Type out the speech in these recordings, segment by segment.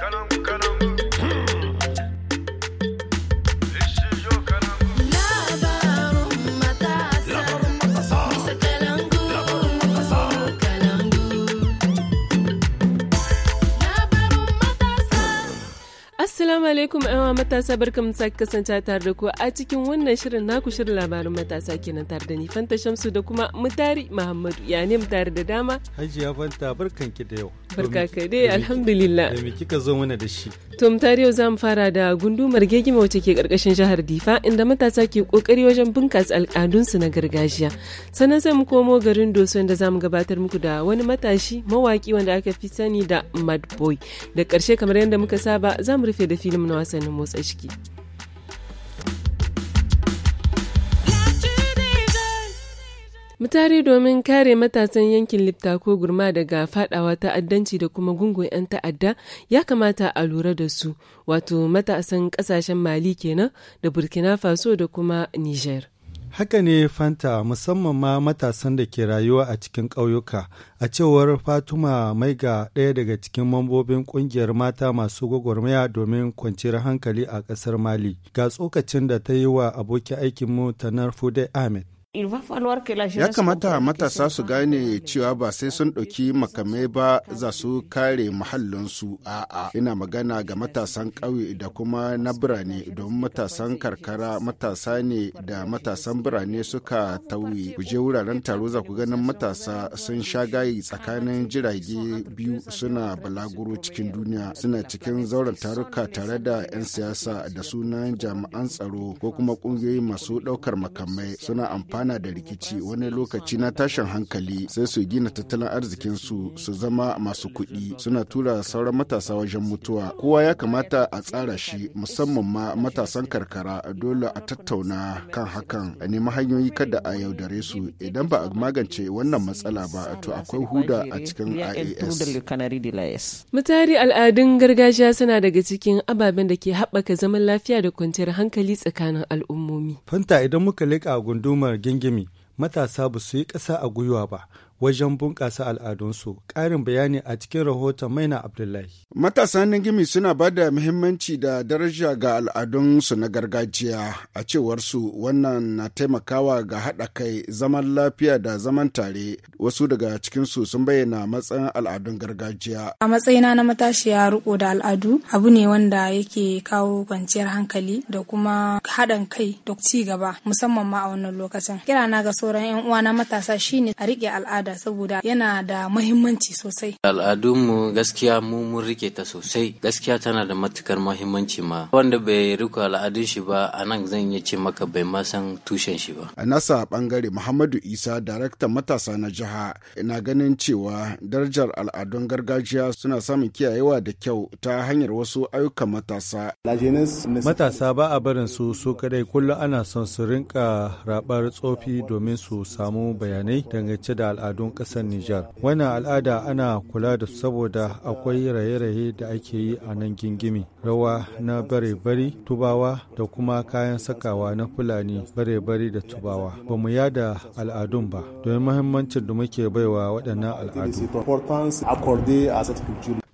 Canum, canum. Assalamu alaikum wa matasa barkamu sake kasance tare da ku a cikin wannan shirin naku shirin labarin matasa kenan tare da ni Fanta Shamsu da kuma Mutari Muhammadu ya ne mutare da dama. Hajiya Fanta barkan ki da yau. Barka ka dai alhamdulillah. Da me kika zo mana da shi? To Mutari yau zamu fara da gundumar gegima wacce ke karkashin jihar Difa inda matasa ke kokari wajen bunkasa al'adunsu na gargajiya. Sannan sai mu komo garin Doso inda zamu gabatar muku da wani matashi mawaki wanda aka fi sani da Mad Boy. Da karshe kamar yadda muka saba za mu rufe da filim na wasannin motsa ciki. Mutare domin kare matasan yankin lipta ko gurma daga fadawa ta'addanci da kuma gungun 'yan ta'adda ya kamata a lura da su, wato matasan kasashen Mali kenan da Burkina Faso da kuma Niger. Haka ne Fanta musamman ma matasan da ke rayuwa a cikin ƙauyuka, a cewar Fatuma Maiga ɗaya daga cikin mambobin ƙungiyar mata masu gwagwarmaya domin kwanciyar hankali a ƙasar Mali, ga tsokacin da ta yi wa abokin aikinmu Tanar Fude Ahmed. Ya kamata matasa su gane cewa ba sai sun ɗauki makamai ba za su kare muhallinsu a'a. Ina magana ga matasan ƙauye da kuma na birane don matasan karkara matasa ne da matasan birane suka tauye. Ku je wuraren taro za ku ganin matasa sun sha gayi tsakanin jirage biyu suna balaguro cikin duniya suna cikin zauren taruka tare da 'yan siyasa da sunan jami'an tsaro ko kuma ƙungiyoyi masu ɗaukar makamai suna amfani ana da rikici wani lokaci na tashin hankali sai su gina tattalin arzikinsu su zama masu kuɗi suna tura sauran matasa wajen mutuwa kowa ya kamata a tsara shi musamman ma matasan karkara dole a tattauna kan hakan a nemi hanyoyi kada a yaudare su idan ba a magance wannan matsala ba to akwai huda a cikin IAS. Mutari al'adun gargajiya suna daga cikin ababen da ke haɓaka zaman lafiya da kwanciyar hankali tsakanin al'ummomi. Fanta idan muka leƙa gundumar gingimi matasa ba su yi ƙasa a gwiwa ba wajen bunƙasa al'adunsu. Ƙarin bayani a cikin rahoton Maina Abdullahi. Matasan Ningimi suna ba da muhimmanci da daraja ga al'adunsu na gargajiya a cewar su wannan na taimakawa ga haɗa kai zaman lafiya da zaman tare. Wasu daga cikinsu sun bayyana matsayin al'adun gargajiya. A matsayina na matashiya riko da al'adu abu ne wanda yake kawo kwanciyar hankali da kuma haɗin kai da ci gaba musamman ma a wannan lokacin. Kira na ga sauran 'yan uwa na matasa shine a riƙe al'ada al'ada saboda yana da mahimmanci sosai. Al'adunmu gaskiya mu mun rike ta sosai gaskiya tana da matukar mahimmanci ma wanda bai riko al'adun shi ba a nan zan iya ce maka bai ma san tushen shi ba. A nasa bangare Muhammadu Isa daraktan matasa na jiha ina ganin cewa darajar al'adun gargajiya suna samun kiyayewa da kyau ta hanyar wasu ayyukan matasa. Matasa ba a barin su su kadai kullum ana son su rinka rabar tsofi domin su samu bayanai dangance da al'adu. al'adun ƙasar Nijar. Wannan al'ada ana kula da su saboda akwai raye-raye da ake yi a nan gingimi, rawa na bare-bari, tubawa da kuma kayan sakawa na Fulani bare-bari da tubawa. Ba mu yada al'adun ba, domin muhimmancin da muke baiwa waɗannan al'adu.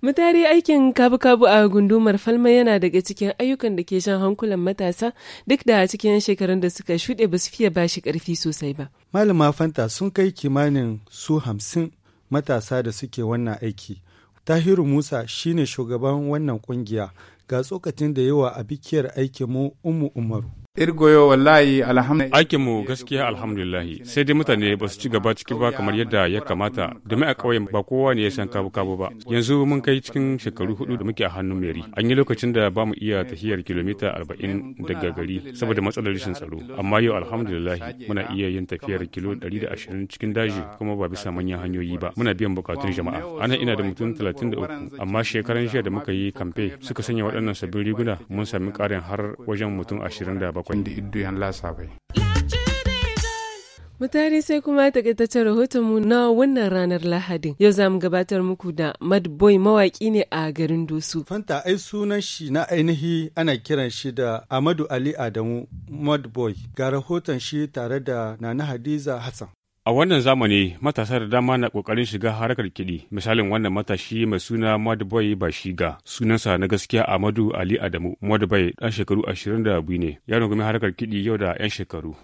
Mutare aikin kabu-kabu a gundumar Falma yana daga cikin ayyukan da ke shan hankulan matasa duk da cikin shekarun da suka shuɗe ba su fiye ba shi ƙarfi sosai ba. Malama Fanta sun kai kimanin su hamsin matasa da suke wannan aiki. Tahiru Musa shine shugaban wannan ƙungiya ga tsokacin da yawa a bikiyar aikinmu Umu Umaru. Irgoyo wallahi alhamdulillah. Aikin mu gaskiya alhamdulillahi sai dai mutane ba su ci gaba ciki ba kamar yadda ya kamata domin a ƙauyen ba kowa ne ya san kabu kabu ba. Yanzu mun kai cikin shekaru hudu da muke a hannun meri. An yi lokacin da ba mu iya tafiyar kilomita arba'in daga gari saboda matsalar rashin tsaro. Amma yau alhamdulillahi muna iya yin tafiyar kilo ɗari da ashirin cikin daji kuma ba bisa manyan hanyoyi ba. Muna biyan bukatun jama'a. Ana ina da mutum talatin da uku amma shekaran jiya da muka yi kamfe suka sanya waɗannan sabbin riguna mun sami ƙarin har wajen mutum ashirin da bakwai. da iddu yan lasa bai Mutane sai kuma takaitaccen rahotonmu na wannan ranar Lahadin. Yau za mu gabatar muku da Mad Boy mawaƙi ne a garin Dosu. Fanta ai sunan shi na ainihi ana kiran shi da Amadu Ali Adamu Mad Boy. Ga rahoton shi tare da Nana Hadiza Hassan. A wannan zamani matasa da dama na kokarin shiga harkar kiɗi misalin wannan matashi mai suna Madboy Bashiga sunansa na gaskiya Amadu Ali Adamu Madboy ɗan shekaru 22 ne ya rungumi harkar kiɗi yau da 'yan shekaru.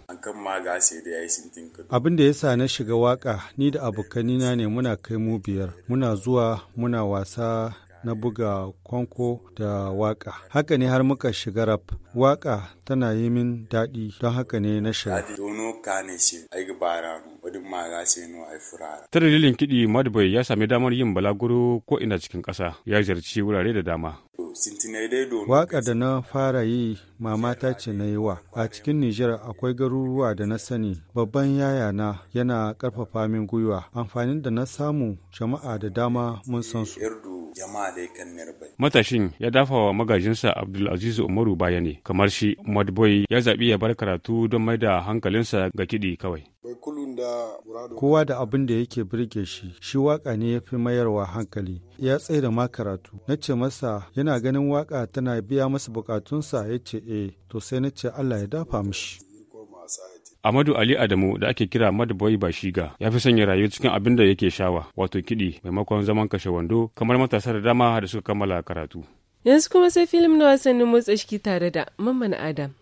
Abin da ya sa na shiga waka ni da abokanina ne muna kai mu biyar muna zuwa muna wasa na buga kwanko da waka. Haka ne har muka shiga rap. Waka tana yi min daɗi don haka ne na shiga. Ta dalilin kiɗi madubai ya sami damar yin balaguro ko ina cikin ƙasa ya ziyarci wurare da dama. waka da na fara yi mamata ce na yi wa. A cikin Nijar akwai garuruwa da na sani babban yaya na yana ƙarfafa min gwiwa. Amfanin da na samu jama'a da dama mun san su. Matashin ya dafa wa magajinsa Abdulaziz Umaru baya ne, kamar shi madboy ya zaɓi ya bar karatu don mai da hankalinsa ga kiɗi kawai. Kowa da abin da yake birge shi, shi waka ne ya fi mayarwa hankali. Ya tsaye ma karatu. Na ce masa yana ganin waka tana biya masa bukatunsa ya ce eh, to sai na ce Allah ya dafa mishi. Amadu Ali Adamu da ake kira Madaboy Bashiga ya fi sanya rayuwa cikin abin da yake shawa wato kiɗi maimakon zaman kashe wando kamar matasa da dama da suka kammala karatu. Yanzu kuma sai filim na wasannin motsa shi tare da Mamman Adam.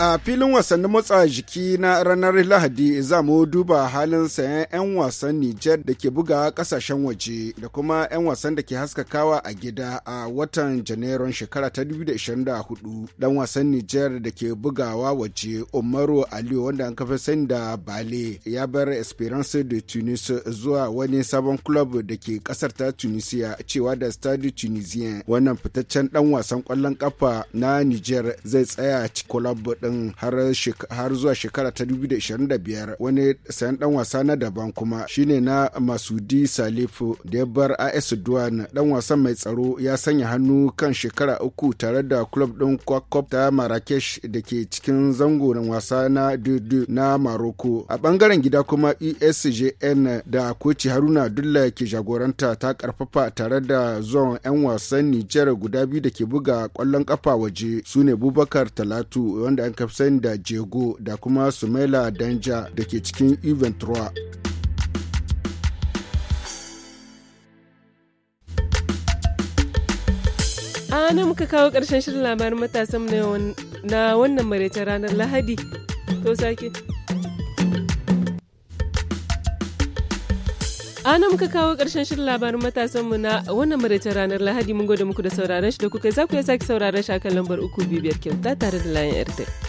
A filin wasannin motsa jiki na ranar Lahadi za mu duba halin sayan 'yan wasan Nijar da ke buga kasashen waje da kuma 'yan wasan da ke haskakawa a gida a watan Janairun shekara ta 2024. Dan wasan Nijar da ke bugawa waje Umaru Aliyu wanda an kafa sani da Bale ya bar Esperance de Tunis zuwa wani sabon club da ke kasar ta Tunisia cewa da Stade Tunisien. Wannan fitaccen dan wasan kwallon kafa na Nijar zai tsaya club din har zuwa shekara ta 2025 wani sayan dan wasa na daban kuma shine na masudi salifu da ya bar as duwan dan wasan mai tsaro ya sanya hannu kan shekara uku tare da club din kwakwab ta marrakesh da ke cikin zangon wasa na dudu na maroko a bangaren gida kuma esjn da koci haruna abdullahi ke jagoranta ta karfafa tare da zuwan 'yan wasan nijar guda biyu da ke buga kwallon kafa waje sune ne bubakar talatu wanda an kapsen da jego da kuma sumela danja da ke cikin event a nan muka kawo ƙarshen shirin labarin matasan na wannan maraicin ranar lahadi to sake ana muka kawo ƙarshen shirin labarin matasanmu na wannan maraicin ranar lahadi mun gode muku da sauraron shi da kuka za ku ya sake sauraron shi a kan lambar uku biyar kyauta tare da layan airtel